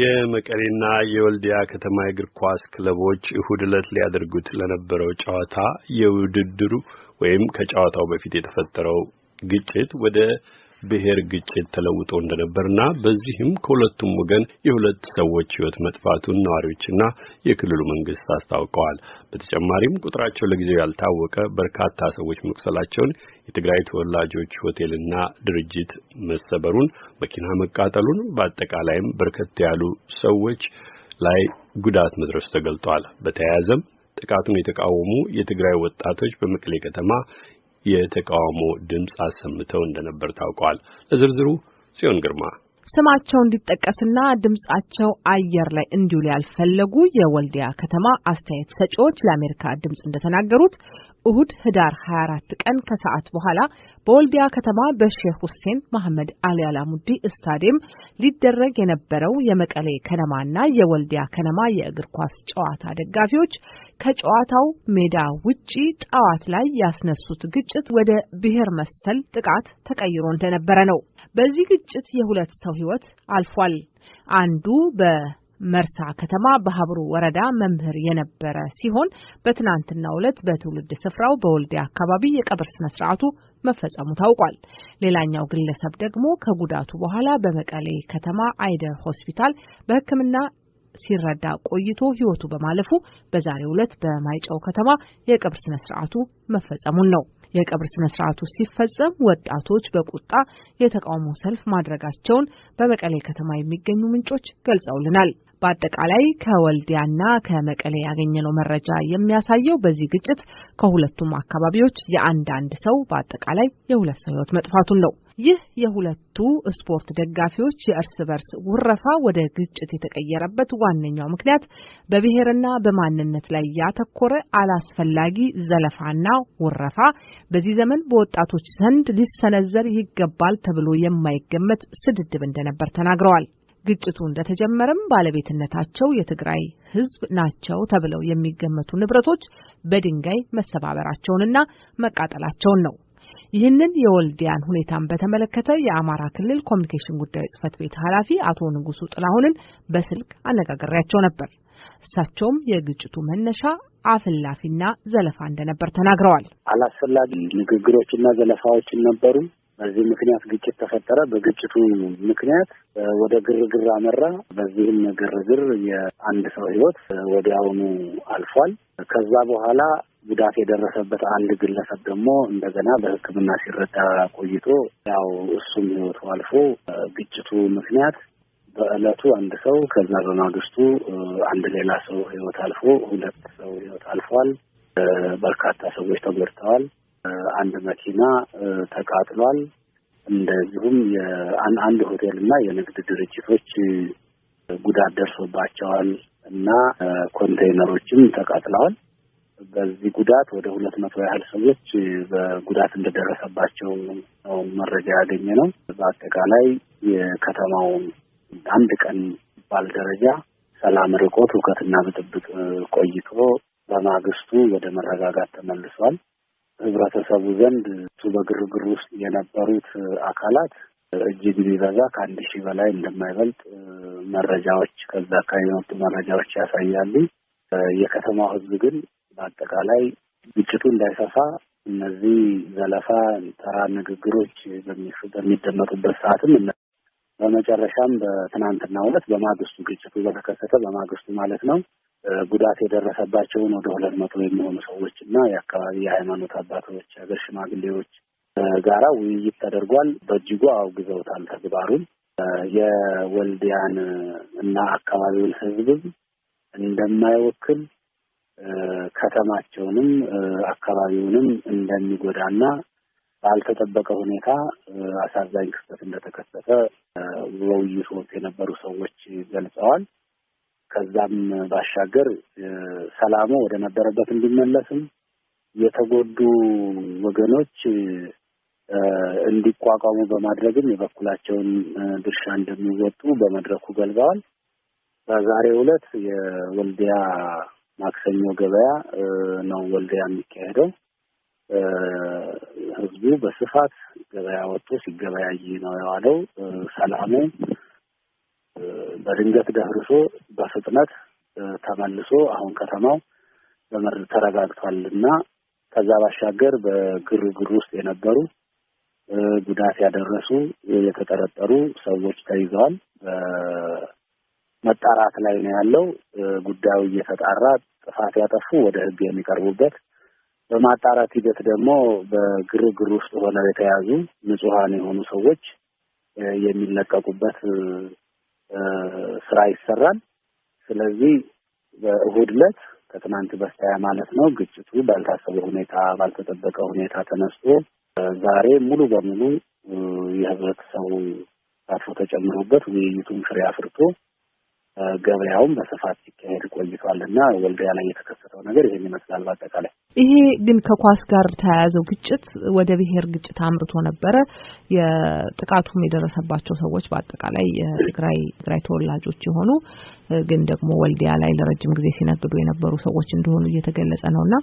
የመቀሌና የወልዲያ ከተማ የእግር ኳስ ክለቦች እሁድ ዕለት ሊያደርጉት ለነበረው ጨዋታ የውድድሩ ወይም ከጨዋታው በፊት የተፈጠረው ግጭት ወደ ብሔር ግጭት ተለውጦ እንደነበርና በዚህም ከሁለቱም ወገን የሁለት ሰዎች ሕይወት መጥፋቱን ነዋሪዎችና የክልሉ መንግስት አስታውቀዋል። በተጨማሪም ቁጥራቸው ለጊዜው ያልታወቀ በርካታ ሰዎች መቁሰላቸውን፣ የትግራይ ተወላጆች ሆቴልና ድርጅት መሰበሩን፣ መኪና መቃጠሉን፣ በአጠቃላይም በርከት ያሉ ሰዎች ላይ ጉዳት መድረሱ ተገልጧል። በተያያዘም ጥቃቱን የተቃወሙ የትግራይ ወጣቶች በመቀሌ ከተማ የተቃውሞ ድምፅ አሰምተው እንደነበር ታውቋል። ለዝርዝሩ ጽዮን ግርማ ስማቸው እንዲጠቀስና ድምጻቸው አየር ላይ እንዲውል ያልፈለጉ የወልዲያ ከተማ አስተያየት ሰጪዎች ለአሜሪካ ድምጽ እንደተናገሩት እሁድ ህዳር 24 ቀን ከሰዓት በኋላ በወልዲያ ከተማ በሼህ ሁሴን መሐመድ አሊ አላሙዲ ስታዲየም ሊደረግ የነበረው የመቀሌ ከነማና የወልዲያ ከነማ የእግር ኳስ ጨዋታ ደጋፊዎች ከጨዋታው ሜዳ ውጪ ጠዋት ላይ ያስነሱት ግጭት ወደ ብሔር መሰል ጥቃት ተቀይሮ እንደነበረ ነው። በዚህ ግጭት የሁለት ሰው ሕይወት አልፏል። አንዱ በመርሳ ከተማ በሀብሩ ወረዳ መምህር የነበረ ሲሆን በትናንትናው ዕለት በትውልድ ስፍራው በወልዲያ አካባቢ የቀብር ስነ ስርዓቱ መፈጸሙ ታውቋል። ሌላኛው ግለሰብ ደግሞ ከጉዳቱ በኋላ በመቀሌ ከተማ አይደር ሆስፒታል በሕክምና ሲረዳ ቆይቶ ህይወቱ በማለፉ በዛሬው ዕለት በማይጨው ከተማ የቀብር ስነ ስርዓቱ መፈጸሙን ነው። የቀብር ስነ ስርዓቱ ሲፈጸም ወጣቶች በቁጣ የተቃውሞ ሰልፍ ማድረጋቸውን በመቀሌ ከተማ የሚገኙ ምንጮች ገልጸውልናል። በአጠቃላይ ከወልዲያና ከመቀሌ ያገኘነው መረጃ የሚያሳየው በዚህ ግጭት ከሁለቱም አካባቢዎች የአንዳንድ ሰው በአጠቃላይ የሁለት ሰው ህይወት መጥፋቱን ነው። ይህ የሁለቱ ስፖርት ደጋፊዎች የእርስ በርስ ውረፋ ወደ ግጭት የተቀየረበት ዋነኛው ምክንያት በብሔርና በማንነት ላይ ያተኮረ አላስፈላጊ ዘለፋና ውረፋ በዚህ ዘመን በወጣቶች ዘንድ ሊሰነዘር ይገባል ተብሎ የማይገመት ስድድብ እንደነበር ተናግረዋል። ግጭቱ እንደተጀመረም ባለቤትነታቸው የትግራይ ሕዝብ ናቸው ተብለው የሚገመቱ ንብረቶች በድንጋይ መሰባበራቸውንና መቃጠላቸውን ነው ይህንን የወልዲያን ሁኔታን በተመለከተ የአማራ ክልል ኮሚኒኬሽን ጉዳዮች ጽህፈት ቤት ኃላፊ አቶ ንጉሱ ጥላሁንን በስልክ አነጋግሬያቸው ነበር። እሳቸውም የግጭቱ መነሻ አፍላፊና ዘለፋ እንደነበር ተናግረዋል። አላስፈላጊ ንግግሮችና ዘለፋዎችን ነበሩ። በዚህ ምክንያት ግጭት ተፈጠረ። በግጭቱ ምክንያት ወደ ግርግር አመራ። በዚህም ግርግር የአንድ ሰው ህይወት ወዲያውኑ አልፏል። ከዛ በኋላ ጉዳት የደረሰበት አንድ ግለሰብ ደግሞ እንደገና በሕክምና ሲረዳ ቆይቶ ያው እሱም ህይወቱ አልፎ ግጭቱ ምክንያት በእለቱ አንድ ሰው ከዛ በማግስቱ አንድ ሌላ ሰው ህይወት አልፎ ሁለት ሰው ህይወት አልፏል። በርካታ ሰዎች ተጎድተዋል። አንድ መኪና ተቃጥሏል። እንደዚሁም አንድ ሆቴል እና የንግድ ድርጅቶች ጉዳት ደርሶባቸዋል እና ኮንቴይነሮችም ተቃጥለዋል። በዚህ ጉዳት ወደ ሁለት መቶ ያህል ሰዎች በጉዳት እንደደረሰባቸው ነው መረጃ ያገኘ ነው። በአጠቃላይ የከተማው አንድ ቀን ባል ደረጃ ሰላም ርቆት እውቀትና ብጥብጥ ቆይቶ በማግስቱ ወደ መረጋጋት ተመልሷል። ህብረተሰቡ ዘንድ እሱ በግርግር ውስጥ የነበሩት አካላት እጅግ ቢበዛ ከአንድ ሺህ በላይ እንደማይበልጥ መረጃዎች ከዛ አካባቢ የመጡ መረጃዎች ያሳያሉ። የከተማው ህዝብ ግን በአጠቃላይ ግጭቱ እንዳይሰፋ እነዚህ ዘለፋ፣ ተራ ንግግሮች በሚደመጡበት ሰዓትም በመጨረሻም በትናንትናው ዕለት በማግስቱ ግጭቱ በተከሰተ በማግስቱ ማለት ነው ጉዳት የደረሰባቸውን ወደ ሁለት መቶ የሚሆኑ ሰዎች እና የአካባቢ የሃይማኖት አባቶች፣ ሀገር ሽማግሌዎች ጋራ ውይይት ተደርጓል። በእጅጉ አውግዘውታል ተግባሩን። የወልዲያን እና አካባቢውን ህዝብም እንደማይወክል ከተማቸውንም አካባቢውንም እንደሚጎዳና ባልተጠበቀ ሁኔታ አሳዛኝ ክስተት እንደተከሰተ በውይይቶች የነበሩ ሰዎች ገልጸዋል። ከዛም ባሻገር ሰላሙ ወደ ነበረበት እንዲመለስም የተጎዱ ወገኖች እንዲቋቋሙ በማድረግም የበኩላቸውን ድርሻ እንደሚወጡ በመድረኩ ገልጸዋል። በዛሬው ዕለት የወልዲያ ማክሰኞ ገበያ ነው ወልዲያ የሚካሄደው። ህዝቡ በስፋት ገበያ ወጥቶ ሲገበያይ ነው የዋለው። ሰላሙ በድንገት ደፍርሶ በፍጥነት ተመልሶ አሁን ከተማው በመርድ ተረጋግቷል እና ከዛ ባሻገር በግርግር ውስጥ የነበሩ ጉዳት ያደረሱ የተጠረጠሩ ሰዎች ተይዘዋል። መጣራት ላይ ነው ያለው። ጉዳዩ እየተጣራ ጥፋት ያጠፉ ወደ ህግ የሚቀርቡበት በማጣራት ሂደት ደግሞ በግርግር ውስጥ ሆነው የተያዙ ንጹሐን የሆኑ ሰዎች የሚለቀቁበት ስራ ይሰራል። ስለዚህ በእሁድ ዕለት ከትናንት በስቲያ ማለት ነው ግጭቱ ባልታሰበ ሁኔታ ባልተጠበቀ ሁኔታ ተነስቶ ዛሬ ሙሉ በሙሉ የህብረተሰቡ ተሳትፎ ተጨምሮበት ውይይቱን ፍሬ አፍርቶ ገበያውም በስፋት ሲካሄድ ቆይቷል እና ወልዲያ ላይ የተከሰተው ነገር ይህን ይመስላል። በአጠቃላይ ይሄ ግን ከኳስ ጋር ተያያዘው ግጭት ወደ ብሔር ግጭት አምርቶ ነበረ። የጥቃቱም የደረሰባቸው ሰዎች በአጠቃላይ የትግራይ ትግራይ ተወላጆች የሆኑ ግን ደግሞ ወልዲያ ላይ ለረጅም ጊዜ ሲነግዱ የነበሩ ሰዎች እንደሆኑ እየተገለጸ ነው እና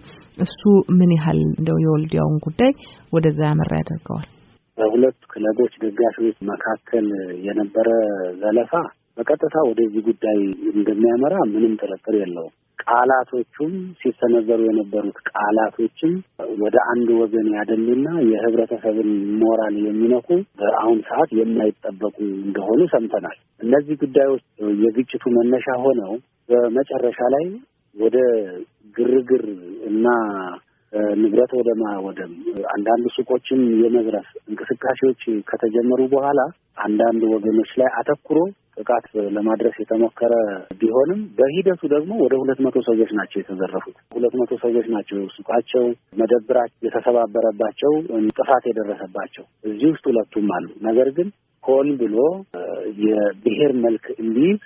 እሱ ምን ያህል እንደው የወልዲያውን ጉዳይ ወደዛ ያመራ ያደርገዋል። በሁለቱ ክለቦች ደጋፊዎች መካከል የነበረ ዘለፋ በቀጥታ ወደዚህ ጉዳይ እንደሚያመራ ምንም ጥርጥር የለውም። ቃላቶቹም ሲሰነዘሩ የነበሩት ቃላቶችም ወደ አንድ ወገን ያደሉና የህብረተሰብን ሞራል የሚነኩ በአሁን ሰዓት የማይጠበቁ እንደሆኑ ሰምተናል። እነዚህ ጉዳዮች የግጭቱ መነሻ ሆነው በመጨረሻ ላይ ወደ ግርግር እና ንብረት ወደ ማወደም አንዳንድ ሱቆችን የመዝረፍ እንቅስቃሴዎች ከተጀመሩ በኋላ አንዳንድ ወገኖች ላይ አተኩሮ ጥቃት ለማድረስ የተሞከረ ቢሆንም በሂደቱ ደግሞ ወደ ሁለት መቶ ሰዎች ናቸው የተዘረፉት። ሁለት መቶ ሰዎች ናቸው ሱቃቸው፣ መደብራቸው የተሰባበረባቸው ጥፋት የደረሰባቸው። እዚህ ውስጥ ሁለቱም አሉ። ነገር ግን ሆን ብሎ የብሔር መልክ እንዲይዝ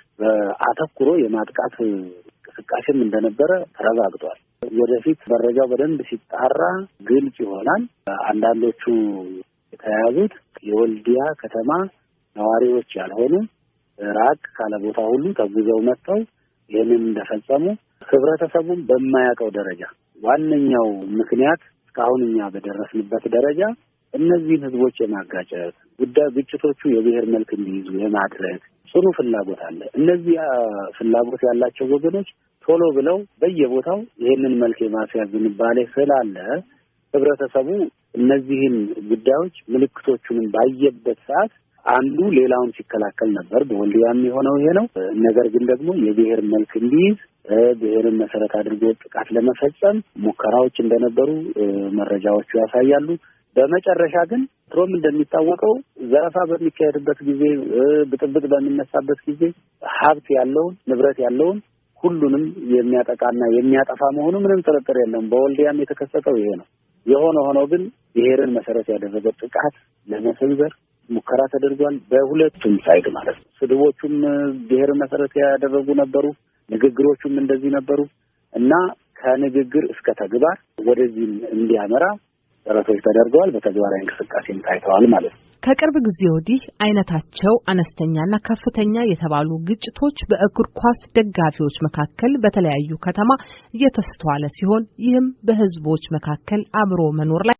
አተኩሮ የማጥቃት እንቅስቃሴም እንደነበረ ተረጋግጧል። ወደፊት መረጃው በደንብ ሲጣራ ግልጽ ይሆናል። አንዳንዶቹ የተያያዙት የወልዲያ ከተማ ነዋሪዎች ያልሆኑ ራቅ ካለ ቦታ ሁሉ ተጉዘው መጥተው ይህንን እንደፈጸሙ ህብረተሰቡን በማያውቀው ደረጃ ዋነኛው ምክንያት እስካሁን እኛ በደረስንበት ደረጃ እነዚህን ህዝቦች የማጋጨት ጉዳይ ግጭቶቹ የብሔር መልክ እንዲይዙ የማድረግ ጽኑ ፍላጎት አለ። እነዚህ ፍላጎት ያላቸው ወገኖች ቶሎ ብለው በየቦታው ይህንን መልክ የማስያዝ ዝንባሌ ስላለ ህብረተሰቡ እነዚህን ጉዳዮች ምልክቶቹንም ባየበት ሰዓት አንዱ ሌላውን ሲከላከል ነበር። በወልዲያም የሚሆነው ይሄ ነው። ነገር ግን ደግሞ የብሔር መልክ እንዲይዝ ብሔርን መሰረት አድርጎ ጥቃት ለመፈጸም ሙከራዎች እንደነበሩ መረጃዎቹ ያሳያሉ። በመጨረሻ ግን ትሮም እንደሚታወቀው ዘረፋ በሚካሄድበት ጊዜ፣ ብጥብጥ በሚነሳበት ጊዜ ሀብት ያለውን ንብረት ያለውን ሁሉንም የሚያጠቃና የሚያጠፋ መሆኑ ምንም ጥርጥር የለውም። በወልዲያም የተከሰተው ይሄ ነው። የሆነ ሆኖ ግን ብሔርን መሰረት ያደረገ ጥቃት ለመሰንዘር ሙከራ ተደርጓል። በሁለቱም ሳይድ ማለት ነው። ስድቦቹም ብሔር መሰረት ያደረጉ ነበሩ። ንግግሮቹም እንደዚህ ነበሩ እና ከንግግር እስከ ተግባር ወደዚህም እንዲያመራ ጥረቶች ተደርገዋል። በተግባራዊ እንቅስቃሴም ታይተዋል ማለት ነው። ከቅርብ ጊዜ ወዲህ አይነታቸው አነስተኛና ከፍተኛ የተባሉ ግጭቶች በእግር ኳስ ደጋፊዎች መካከል በተለያዩ ከተማ እየተስተዋለ ሲሆን ይህም በህዝቦች መካከል አብሮ መኖር ላይ